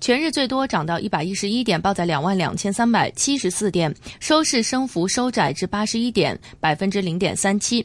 全日最多漲到一百一十一點，報在兩萬兩千三百七十四點，收市升幅收窄至八十一點，百分之零點三七。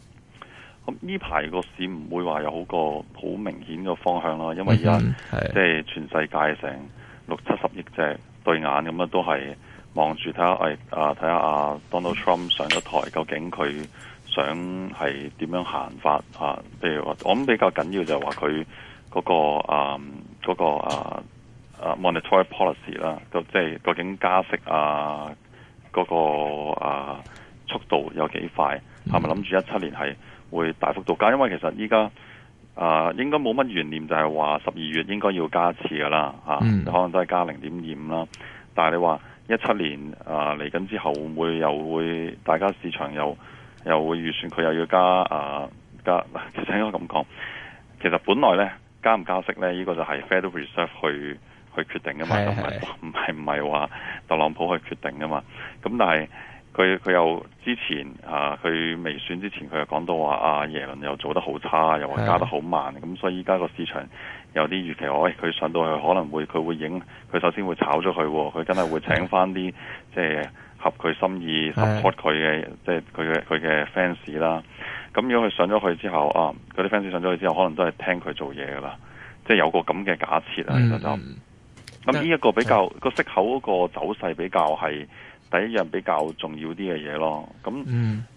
呢排個市唔會話有好個好明顯個方向啦，因為而家即係全世界成六七十億隻對眼咁樣，都係望住睇下，誒啊睇下啊 Donald Trump 上咗台，究竟佢想係點樣行法、那個、啊？譬如話，我諗比較緊要就係話佢嗰個啊嗰個啊啊 monetary policy 啦，即係究竟加息啊嗰個啊速度有幾快？係咪諗住一七年係？會大幅度加，因為其實依家啊應該冇乜懸念，就係話十二月應該要加一次噶啦嚇、嗯啊，可能都係加零點二五啦。但係你話一七年啊嚟緊之後會唔會又會大家市場又又會預算佢又要加啊、呃、加，其實應該咁講，其實本來咧加唔加息咧呢、呢個就係 Federal Reserve 去去決定噶嘛，唔係唔係唔係話特朗普去決定噶嘛。咁但係。佢佢又之前啊，佢未選之前，佢又講到話啊，耶倫又做得好差，又話加得好慢，咁所以依家個市場有啲預期，喂、哎，佢上到去可能會佢會影，佢首先會炒咗佢喎，佢真係會請返啲即係合佢心意 support 佢嘅，即係佢嘅佢嘅 fans 啦。咁如果佢上咗去之後啊，嗰啲 fans 上咗去之後，可能都係聽佢做嘢噶啦，即係有個咁嘅假設啦，嗯、其實就咁。咁呢一個比較、嗰個息口嗰個走勢比較係。第一樣比較重要啲嘅嘢咯，咁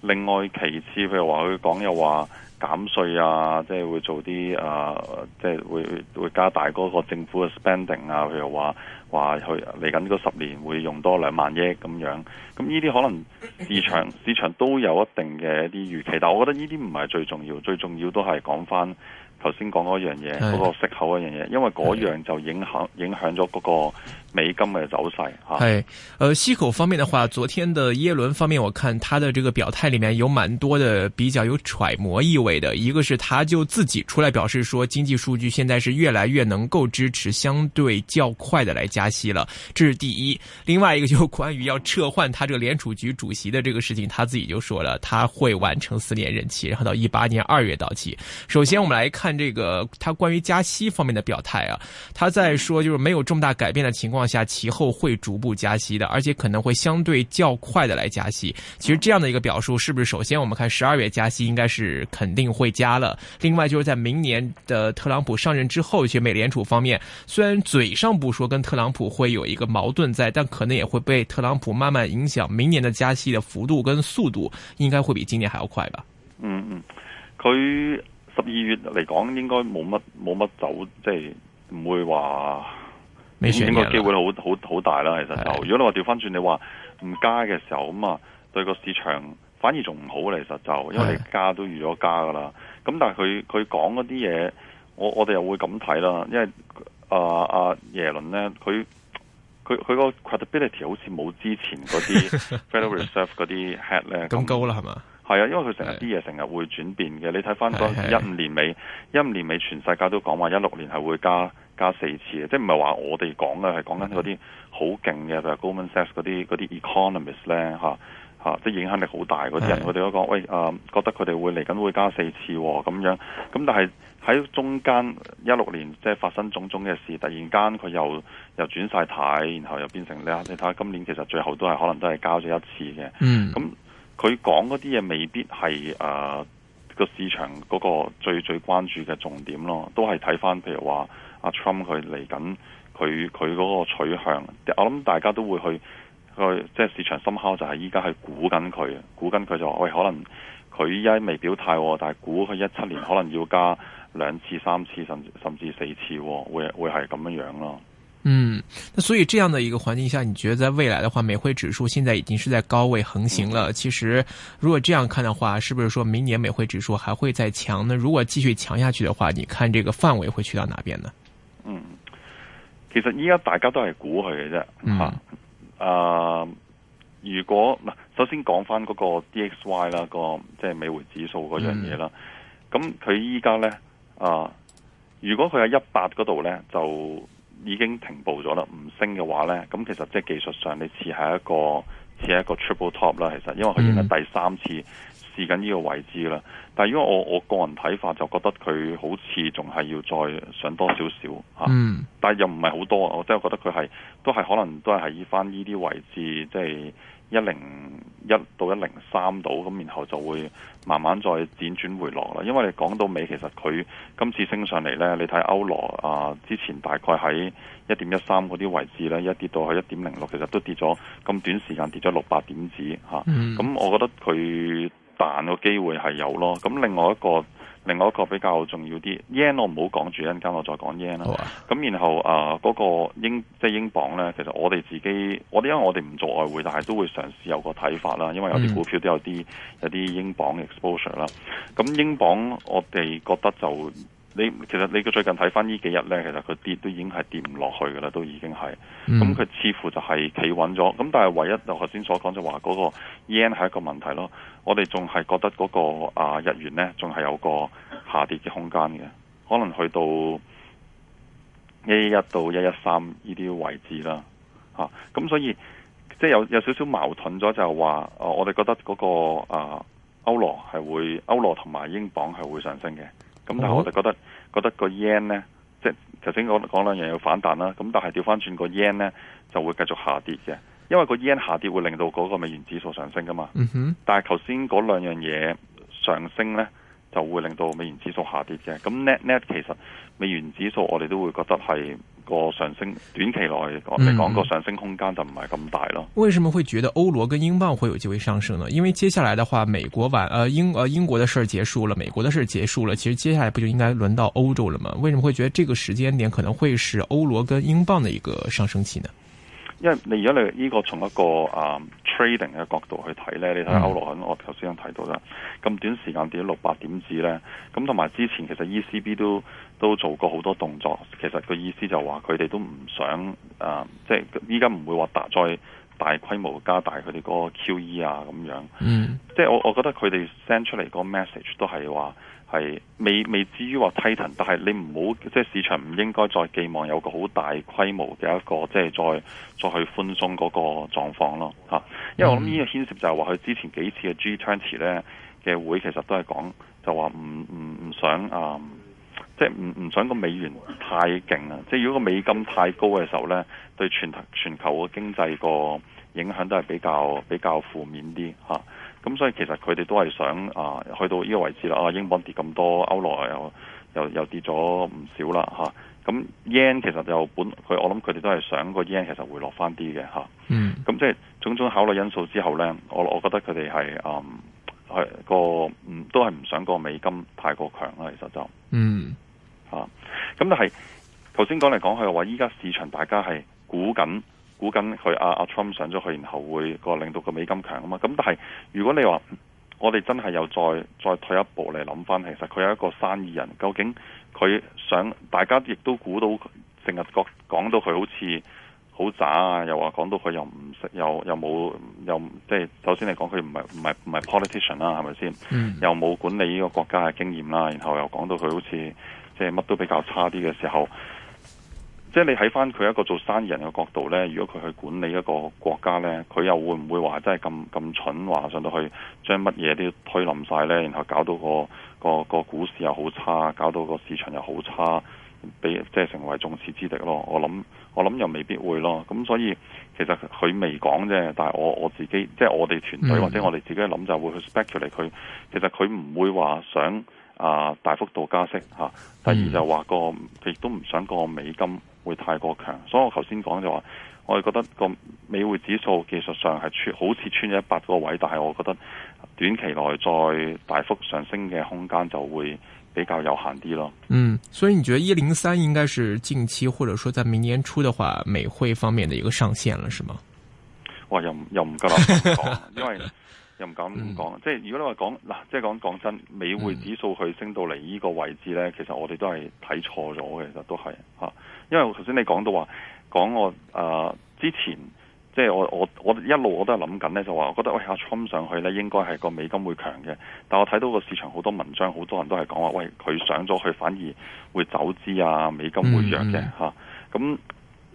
另外其次，譬如話佢講又話減稅啊，即係會做啲啊，即係會會加大嗰個政府嘅 spending 啊，譬如話話去嚟緊呢個十年會用多兩萬億咁樣，咁呢啲可能市場 市場都有一定嘅一啲預期，但我覺得呢啲唔係最重要，最重要都係講翻頭先講嗰樣嘢，嗰個息口一樣嘢，因為嗰樣就影響影響咗嗰個。美金的走勢哈，係、啊 hey, 呃，息口方面的話，昨天的耶倫方面，我看他的這個表態裏面有蠻多的比較有揣摩意味的，一個是他就自己出來表示說，經濟數據現在是越來越能夠支持相對較快的來加息了，這是第一；另外一個就是關於要撤換他這個聯儲局主席的這個事情，他自己就說了，他會完成四年任期，然後到一八年二月到期。首先，我們來看這個他關於加息方面的表態啊，他在說就是沒有重大改變的情況。下其後會逐步加息的，而且可能會相對較快的來加息。其實這樣的一個表述，是不是首先我們看十二月加息應該是肯定會加了。另外就是在明年的特朗普上任之後，其實美聯儲方面雖然嘴上不說跟特朗普會有一個矛盾在，但可能也會被特朗普慢慢影響。明年的加息的幅度跟速度應該會比今年還要快吧？嗯嗯，佢十二月嚟講應該冇乜冇乜走，即係唔會話，整個機會好好好大啦，其實就如果你話調翻轉，你話唔加嘅時候咁啊，對個市場反而仲唔好，其實就因為加都預咗加噶啦。咁但係佢佢講嗰啲嘢，我我哋又會咁睇啦，因為,因為啊啊耶倫咧，佢佢佢個 credibility 好似冇之前嗰啲 Federal Reserve 嗰啲 head 咧咁高啦，係嘛？係啊，因為佢成日啲嘢成日會轉變嘅。你睇翻嗰一五年尾，一五年尾全世界都講話一六年係會加。加四次即係唔係話我哋講嘅係講緊嗰啲好勁嘅，譬如 Goldman Sachs 嗰啲嗰啲 economist 咧，吓吓，即係、啊啊、影響力好大嗰啲人，我哋都講，喂，誒、呃，覺得佢哋會嚟緊會加四次咁、哦、樣，咁但係喺中間一六年即係發生種種嘅事，突然間佢又又轉晒態，然後又變成你睇下，今年其實最後都係可能都係加咗一次嘅。嗯，嗯，咁佢講嗰啲嘢未必係啊。呃個市場嗰個最最關注嘅重點咯，都係睇返譬如話阿 Trump 佢嚟緊，佢佢嗰個取向，我諗大家都會去去即係市場深敲，就係依家係估緊佢，估緊佢就話，喂，可能佢依家未表態，但係估佢一七年可能要加兩次、三次，甚至甚至四次，會會係咁樣樣咯。嗯，所以這樣的一個環境下，你覺得在未來的話，美匯指數現在已經是在高位橫行了。其實如果這樣看的話，是不是說明年美匯指數還會再強呢？如果繼續強下去的話，你看這個範圍會去到哪邊呢？嗯，其實依家大家都係估佢嘅啫，吓、啊嗯，啊，如果嗱，首先講翻嗰個 DXY 啦，個即係美匯指數嗰樣嘢啦，咁佢依家呢，啊，如果佢喺一百嗰度呢，就。已經停步咗啦，唔升嘅話呢，咁其實即係技術上你似係一個似係一個 triple top 啦，其實因為佢已經係第三次、mm. 試緊呢個位置啦。但係如果我我個人睇法就覺得佢好似仲係要再上多少少吓，但係又唔係好多啊。Mm. 多我真係覺得佢係都係可能都係喺返呢啲位置即係。一零一到一零三度，咁然後就會慢慢再輾轉回落啦。因為你講到尾，其實佢今次升上嚟咧，你睇歐羅啊，之前大概喺一點一三嗰啲位置咧，一跌到係一點零六，其實都跌咗咁短時間跌咗六百點子吓，咁、啊 mm. 我覺得佢彈嘅機會係有咯。咁另外一個。另外一個比較重要啲 yen，我唔好講住，一陣間我再講 yen 啦。咁、啊、然後啊，嗰、呃那個英即係英鎊咧，其實我哋自己，我哋因為我哋唔做外匯，但係都會嘗試有個睇法啦。因為有啲股票都有啲、嗯、有啲英鎊嘅 exposure 啦。咁英鎊我哋覺得就。你其實你最近睇翻呢幾日呢，其實佢跌都已經係跌唔落去㗎啦，都已經係。咁、嗯、佢似乎就係企穩咗。咁但係唯一我頭先所講就話嗰個 yen 係一個問題咯。我哋仲係覺得嗰、嗰個啊日元呢，仲係有個下跌嘅空間嘅，可能去到一一一到一一三呢啲位置啦。咁、啊、所以即係、就係、有有少少矛盾咗，就係話我哋覺得嗰、嗰個啊歐羅係會歐羅同埋英鎊係會上升嘅。咁但係我就覺得、oh. 覺得個 yen 咧，即係頭先講兩兩樣要反彈啦。咁但係調返轉個 yen 咧，就會繼續下跌嘅，因為個 yen 下跌會令到嗰個美元指數上升㗎嘛。Mm-hmm. 但係頭先嗰兩樣嘢上升咧，就會令到美元指數下跌嘅。咁 net net 其實美元指數我哋都會覺得係。個上升短期內我哋講個上升空間就唔係咁大咯。為什麼會覺得歐羅跟英鎊會有機會上升呢？因為接下來的話，美國完，呃英，呃英國的事兒結束了，美國的事兒結束了，其實接下來不就應該輪到歐洲了嗎？為什麼會覺得這個時間點可能會是歐羅跟英鎊的一個上升期呢？因為你而家你呢個從一個啊、um, trading 嘅角度去睇咧、嗯，你睇歐羅肯，我頭先有提到啦，咁短時間跌咗六百點子咧，咁同埋之前其實 ECB 都都做過好多動作，其實個意思就話佢哋都唔想啊，uh, 即係依家唔會話大再大規模加大佢哋嗰個 QE 啊咁樣，嗯、即係我我覺得佢哋 send 出嚟個 message 都係話，係未未至於話 tighten，但係你唔好即係市場唔應該再寄望有個好大規模嘅一個即係再再去寬鬆嗰個狀況咯嚇。因為我諗呢個牽涉就係話佢之前幾次嘅 G20 咧嘅會其實都係講就話唔唔唔想啊，即係唔唔想個美元太勁啊！即係如果個美金太高嘅時候咧，對全全球個經濟個影響都係比較比較負面啲嚇。咁所以其實佢哋都係想啊，去到呢個位置啦。啊，英鎊跌咁多，歐羅又又又跌咗唔少啦吓，咁 yen 其實就本佢，我諗佢哋都係想個 yen 其實回落翻啲嘅吓嗯。咁即係種種考慮因素之後咧，我我覺得佢哋係嗯係個唔、嗯、都係唔想個美金太過強啦。其實就嗯咁、吓、但係頭先講嚟講去話，依家市場大家係估緊。估緊佢阿阿 Trump 上咗去，然後會個令到佢美金強啊嘛。咁但係如果你話我哋真係又再再退一步嚟諗翻，其實佢係一個生意人，究竟佢想大家亦都估到成日講到佢好似好渣啊，又話講到佢又唔識又又冇又即係首先嚟講佢唔係唔係唔係 politician 啦，係咪先？嗯。又冇管理呢個國家嘅經驗啦，然後又講到佢好似即係乜都比較差啲嘅時候。即係你睇翻佢一個做生意人嘅角度咧，如果佢去管理一個國家咧，佢又會唔會話真係咁咁蠢話上到去將乜嘢都要推冧晒咧，然後搞到個個個股市又好差，搞到個市場又好差，俾即係成為眾矢之的咯？我諗我諗又未必會咯。咁所以其實佢未講啫，但係我我自己即係我哋團隊或者我哋自己嘅諗就會去 speculate 佢。其實佢唔會話想啊大幅度加息嚇、啊。第二就話，個亦都唔想個美金。會太過強，所以我頭先講就話，我哋覺得個美匯指數技術上係穿，好似穿咗一百個位，但係我覺得短期內再大幅上升嘅空間就會比較有限啲咯。嗯，所以你覺得一零三應該是近期或者說在明年初的話，美匯方面的一個上限了，是嗎？哇，又又唔夠啦。 因為。唔敢講、嗯，即係如果你話講嗱，即係講,講真，美匯指數佢升到嚟呢個位置呢，嗯、其實我哋都係睇錯咗嘅，其實都係嚇、啊。因為頭先你講到話講我、呃、之前，即係我我我一路我都係諗緊呢，就話我覺得喂，下沖上去呢應該係個美金會強嘅，但我睇到個市場好多文章，好多人都係講話喂，佢上咗去反而會走資啊，美金會弱嘅嚇。咁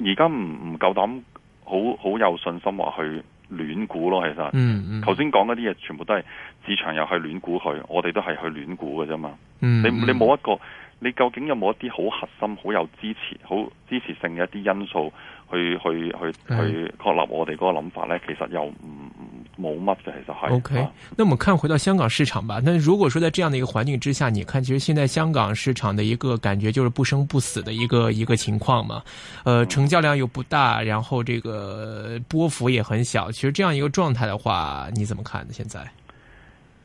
而家唔唔夠膽，好好有信心話去。亂估咯，其實嗯嗯，頭先講嗰啲嘢全部都係市場，又係亂估佢，我哋都係去亂估嘅啫嘛。嗯，你你冇一個，你究竟有冇一啲好核心、好有支持、好支持性嘅一啲因素？去去去去確立我哋嗰個諗法呢，其實又唔冇乜嘅，其實係。OK，那我們看回到香港市場吧。那如果說在這樣的一個環境之下，你看，其實現在香港市場的一個感覺就是不生不死的一個一個情況嘛。呃，成交量又不大，然後這個波幅也很小。其實這樣一個狀態的話，你怎麼看呢？現在？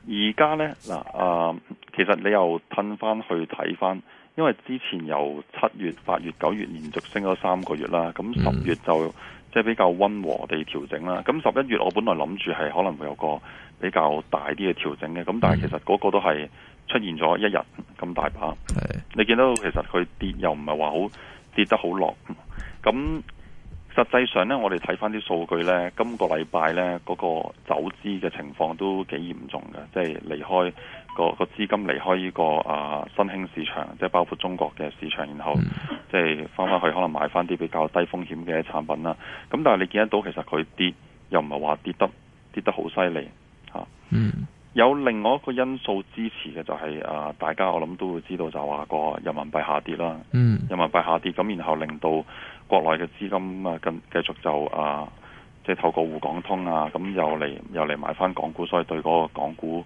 而家呢。嗱、呃，其實你又褪翻去睇翻，因為之前由七月、八月、九月連續升咗三個月啦，咁十月就即係、嗯就係、比較溫和地調整啦。咁十一月我本來諗住係可能會有個比較大啲嘅調整嘅，咁但係其實嗰個都係出現咗一日咁大把、嗯，你見到其實佢跌又唔係話好跌得好落咁。實際上咧，我哋睇翻啲數據咧，今個禮拜咧嗰個走資嘅情況都幾嚴重嘅，即係離開個個資金離開呢個啊新興市場，即係包括中國嘅市場，然後即係翻返去可能買翻啲比較低風險嘅產品啦。咁但係你見得到，其實佢跌又唔係話跌得跌得好犀利嚇。啊嗯有另外一個因素支持嘅就係啊，呃，大家我諗都會知道就話個人民幣下跌啦，嗯、mm.，人民幣下跌咁，然後令到國內嘅資金啊，繼續就啊，即係透過滬港通啊，咁又嚟又嚟買翻港股，所以對嗰個港股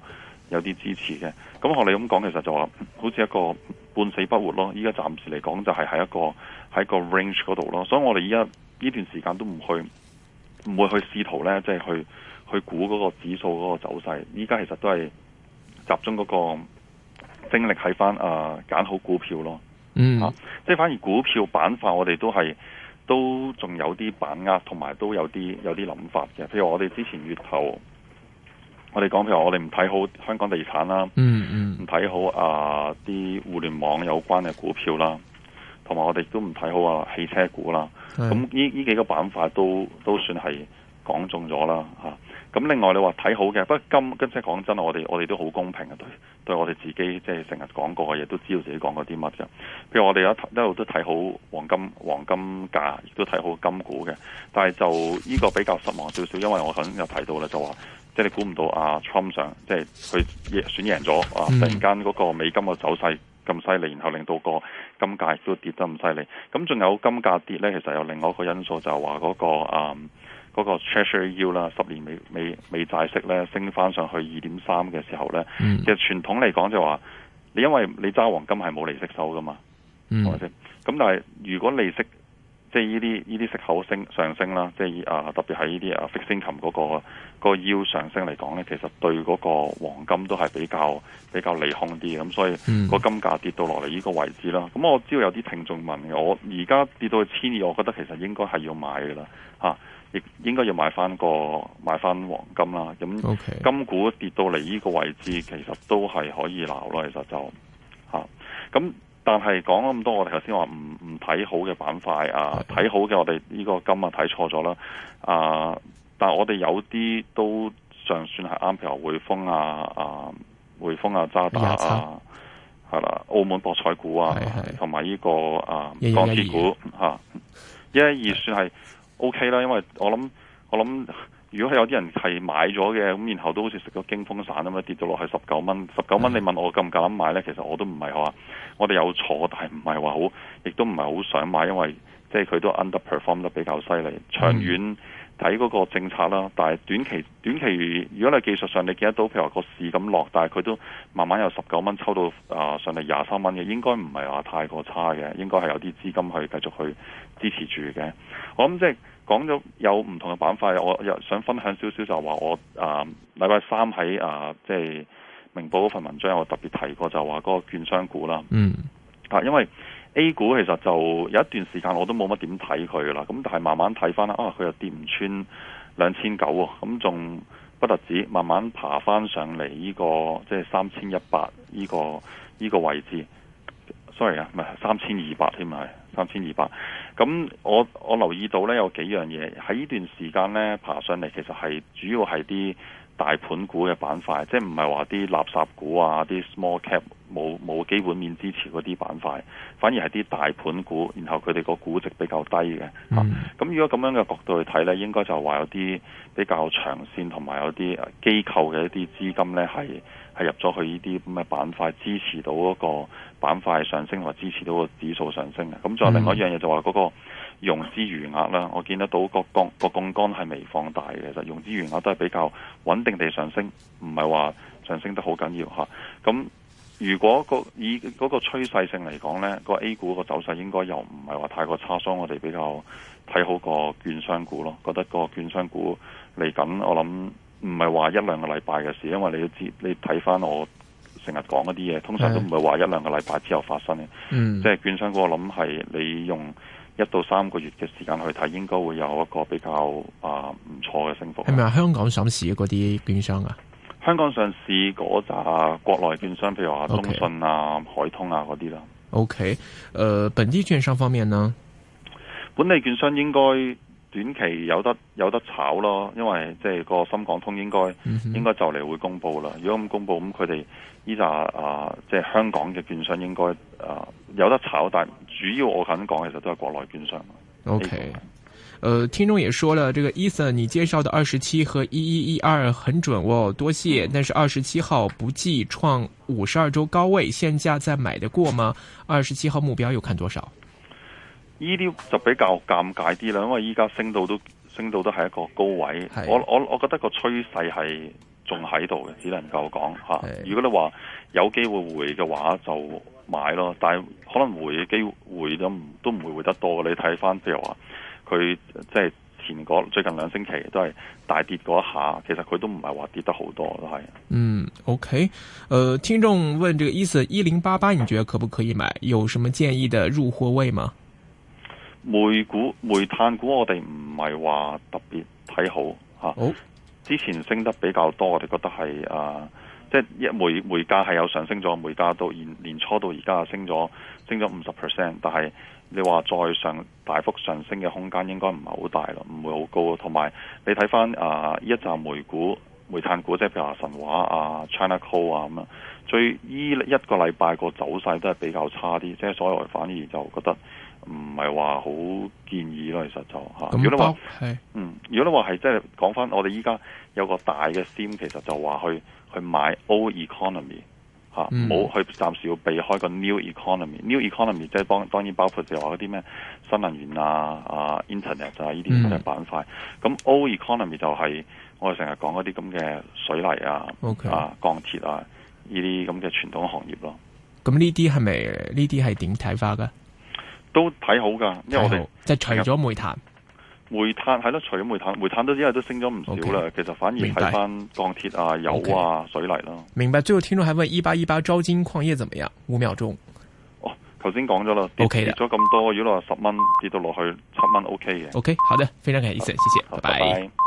有啲支持嘅。咁學你咁講，其實就話好似一個半死不活咯。依家暫時嚟講，就係喺一個喺個 range 嗰度咯。所以我哋依家呢段時間都唔去，唔會去試圖咧，即係去。去估嗰個指數嗰個走勢，依家其實都係集中嗰個精力喺翻，啊，揀好股票咯。嗯，即係反而股票板塊，我哋都係都仲有啲把握，同埋都有啲有啲諗法嘅。譬如我哋之前月頭，我哋講譬如我哋唔睇好香港地產啦，嗯嗯，唔睇好啊啲互聯網有關嘅股票啦，同埋我哋都唔睇好啊汽車股啦。咁呢幾個板塊都都算係講中咗啦咁另外你話睇好嘅，不過金，即係講真，我哋我哋都好公平啊對對，對我哋自己即係成日講過嘅嘢，都知道自己講過啲乜嘅。譬如我哋有一路都睇好黃金，黃金價亦都睇好金股嘅，但係就呢個比較失望少少，因為我頭先有提到呢，就話即係你估唔到阿 Trump 上，即係佢選選贏咗啊！突然間嗰個美金嘅走勢咁犀利，然後令到個金價都跌得咁犀利。咁仲有金價跌咧，其實有另外一個因素就係話嗰個啊。嗯嗰、那個 Treasury yield 啦，十年美美美債息咧升翻上去二點三嘅時候咧、嗯，其實傳統嚟講就話你因為你揸黃金係冇利息收噶嘛，係咪先？咁但係如果利息即係呢啲依啲息口升上升啦，即係啊特別係呢啲啊 fixed income 嗰個、那個 yield 上升嚟講咧，其實對嗰個黃金都係比較比較利空啲嘅。咁所以嗰個金價跌到落嚟呢個位置啦。咁我知道有啲聽眾問嘅，我而家跌到千二，我覺得其實應該係要買噶啦嚇。啊亦應該要買翻個買翻黃金啦，咁金股跌到嚟呢個位置，其實都係可以鬧囉。其實就咁，但係講咁多，我哋頭先話唔唔睇好嘅板塊啊，睇好嘅我哋呢個金啊睇錯咗啦啊！但我哋有啲都尚算係啱，譬如匯豐啊啊，匯豐啊，渣打啊，係啦，澳門博彩股啊，同埋呢個啊鋼鐵股一一二算係。O.K. 啦，因為我諗我諗，如果係有啲人係買咗嘅，咁然後都好似食咗驚風散啊嘛，跌到落去十九蚊，十九蚊你問我夠唔夠膽買呢？其實我都唔係話，我哋有坐，但係唔係話好，亦都唔係好想買，因為即係佢都 underperform 得比較犀利，長遠。嗯睇嗰個政策啦，但係短期短期，短期如果你技術上你見得到譬如話個市咁落，但係佢都慢慢由十九蚊抽到啊、呃、上嚟廿三蚊嘅，應該唔係話太過差嘅，應該係有啲資金去繼續去支持住嘅。我諗即係講咗有唔同嘅板塊，我又想分享少少就話我啊禮拜三喺啊、呃、即係明報嗰份文章，我特別提過就話嗰個券商股啦，嗯，因為。A 股其實就有一段時間我都冇乜點睇佢啦，咁但係慢慢睇翻啦，啊佢又跌唔穿兩千九喎，咁仲不特止，慢慢爬翻上嚟呢個即係三千一百呢個呢個位置。Sorry 啊，唔係三千二百添啊，三千二百。咁我我留意到呢有幾樣嘢喺呢段時間呢爬上嚟，其實係主要係啲大盤股嘅板塊，即係唔係話啲垃圾股啊，啲 small cap。冇冇基本面支持嗰啲板塊，反而係啲大盤股，然後佢哋個估值比較低嘅嚇。咁、嗯啊、如果咁樣嘅角度去睇咧，應該就話有啲比較長線同埋有啲機構嘅一啲資金咧，係係入咗去呢啲咁嘅板塊支持到嗰個板塊上升，或支持到個指數上升嘅。咁、啊、仲有另外一樣嘢就話嗰個融資餘額啦，我見得到那個槓、那個槓桿係未放大嘅，其實融資餘額都係比較穩定地上升，唔係話上升得好緊要吓。咁、啊。如果個以嗰個趨勢性嚟講，呢個 A 股個走勢應該又唔係話太過差，所以我哋比較睇好券個券商股咯。覺得個券商股嚟緊，我諗唔係話一兩個禮拜嘅事，因為你都知，你睇翻我成日講一啲嘢，通常都唔係話一兩個禮拜之後發生嘅。嗯，即係券商股，我諗係你用一到三個月嘅時間去睇，應該會有一個比較啊唔、呃、錯嘅升幅。係咪香港上市嗰啲券商啊？香港上市嗰紮國內券商，譬如話中信啊、okay. 海通啊嗰啲啦。O K，誒，本地券商方面呢？本地券商應該短期有得有得炒咯，因為即係個深港通應該、mm -hmm. 應該就嚟會公布啦。如果咁公布咁，佢哋呢紮啊，即、呃、係、即係、香港嘅券商應該啊、呃、有得炒，但主要我肯講，其實都係國內券商。O、okay. K。呃，聽眾也說了，這個 Ethan 你介紹的二十七和一一一二很準哦，多謝。但是二十七號不計創五十二周高位，現價再買得過嗎？二十七號目標又看多少？呢啲就比較尷尬啲啦，因為依家升到都升到都係一個高位，我我我覺得個趨勢係仲喺度嘅，只能夠講吓、啊。如果你話有機會回嘅話，就買咯。但係可能回嘅機會都都唔會回得多，你睇翻譬如話。佢即係前嗰最近兩星期都係大跌嗰一下，其實佢都唔係話跌得好多都係。嗯，OK，誒、呃，聽眾問這個意思一零八八，你覺得可不可以買？有什麼建議的入貨位嗎？煤股、煤炭股我，我哋唔係話特別睇好吓。好、啊，之前升得比較多，我哋覺得係啊，即、就、係、是、一煤煤價係有上升咗，煤價到年年初到而家升咗升咗五十 percent，但係。你話再上，大幅上升嘅空間應該唔係好大啦，唔會好高。同埋你睇翻啊，一陣煤股、煤炭股，即係譬如話神華啊、China Coal 啊咁樣，最依一個禮拜個走勢都係比較差啲，即係所以反而就覺得唔係話好建議咯。其實就嚇。咁、啊、多。係。嗯，如果話係即係講翻，就是、我哋依家有個大嘅 theme，其實就話去去買 old economy。啊！冇去，暫時要避開個 new economy。new economy 即係當當然包括就係話嗰啲咩新能源啊、啊 internet 啊呢啲咁嘅板塊。咁、嗯、old economy 就係我哋成日講嗰啲咁嘅水泥啊、okay, 啊鋼鐵啊呢啲咁嘅傳統行業咯。咁呢啲係咪？呢啲係點睇法㗎？都睇好㗎，因為我哋即係除咗煤炭。煤炭係咯，除咗煤炭，煤炭都因為都升咗唔少啦。Okay, 其實反而睇翻鋼鐵啊、油啊、okay, 水泥咯。明白，最後聽眾還問一八一八招金礦業怎麼樣？五秒鐘。哦，頭先講咗啦，跌跌咗咁多，如果話十蚊跌到落去七蚊，OK 嘅。OK，好的，非常感謝，謝謝，拜拜。拜拜。